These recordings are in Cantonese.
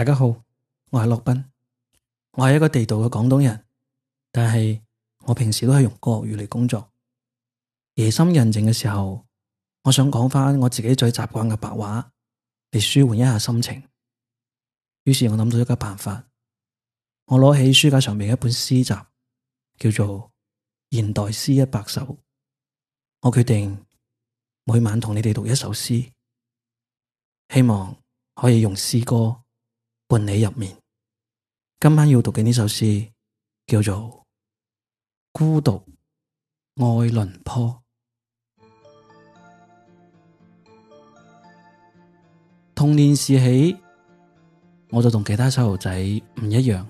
大家好，我係洛賓，我係一個地道嘅廣東人，但係我平時都係用國語嚟工作。夜深人靜嘅時候，我想講翻我自己最習慣嘅白話嚟舒緩一下心情。於是我諗到一個辦法，我攞起書架上面一本詩集，叫做《現代詩一百首》，我決定每晚同你哋讀一首詩，希望可以用詩歌。伴你入面。今晚要讀嘅呢首詩叫做《孤獨愛倫坡》。童年時起，我就同其他細路仔唔一樣，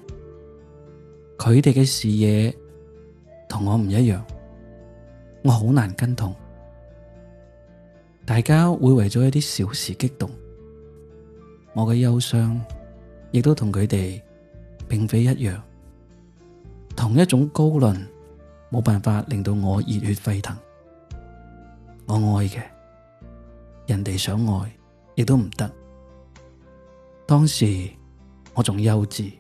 佢哋嘅視野同我唔一樣，我好難跟同。大家會為咗一啲小事激動，我嘅憂傷。亦都同佢哋並非一樣，同一種高論冇辦法令到我熱血沸騰。我愛嘅人哋想愛，亦都唔得。當時我仲幼稚，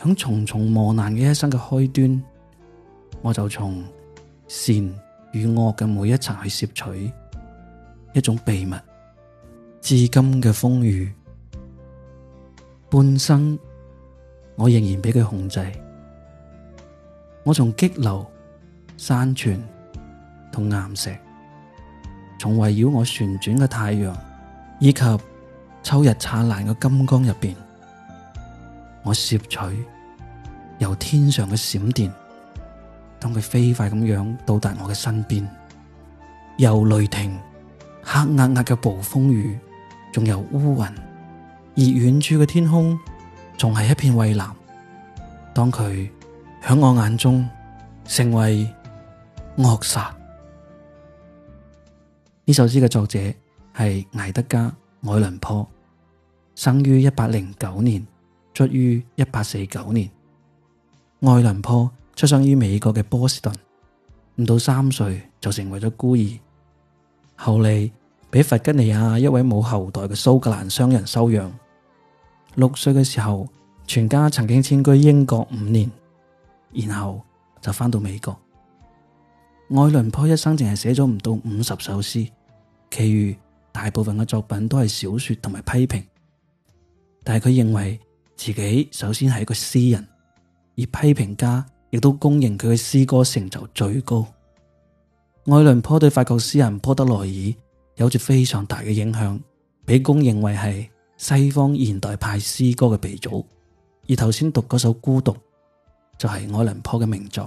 響重重磨難嘅一生嘅開端，我就從善與惡嘅每一層去攝取一種秘密，至今嘅風雨。半生，我仍然俾佢控制。我從激流、山泉、同岩石，從圍繞我旋轉嘅太陽，以及秋日燦爛嘅金光入邊，我攝取由天上嘅閃電，當佢飛快咁樣到達我嘅身邊，由雷霆、黑壓壓嘅暴風雨，仲有烏雲。而遠處嘅天空仲係一片蔚藍，當佢響我眼中成為惡煞。呢首詩嘅作者係艾德加·愛倫坡，生於一八零九年，卒於一八四九年。愛倫坡出生於美國嘅波士頓，唔到三歲就成為咗孤兒，後嚟俾弗吉尼亞一位冇後代嘅蘇格蘭商人收養。六歲嘅時候，全家曾經遷居英國五年，然後就翻到美國。愛倫坡一生淨係寫咗唔到五十首詩，其餘大部分嘅作品都係小說同埋批評。但係佢認為自己首先係一個詩人，而批評家亦都公認佢嘅詩歌成就最高。愛倫坡對法國詩人波德萊爾有住非常大嘅影響，俾公認為係。西方現代派詩歌嘅鼻祖，而頭先讀嗰首《孤獨》，就係、是、愛倫坡嘅名作。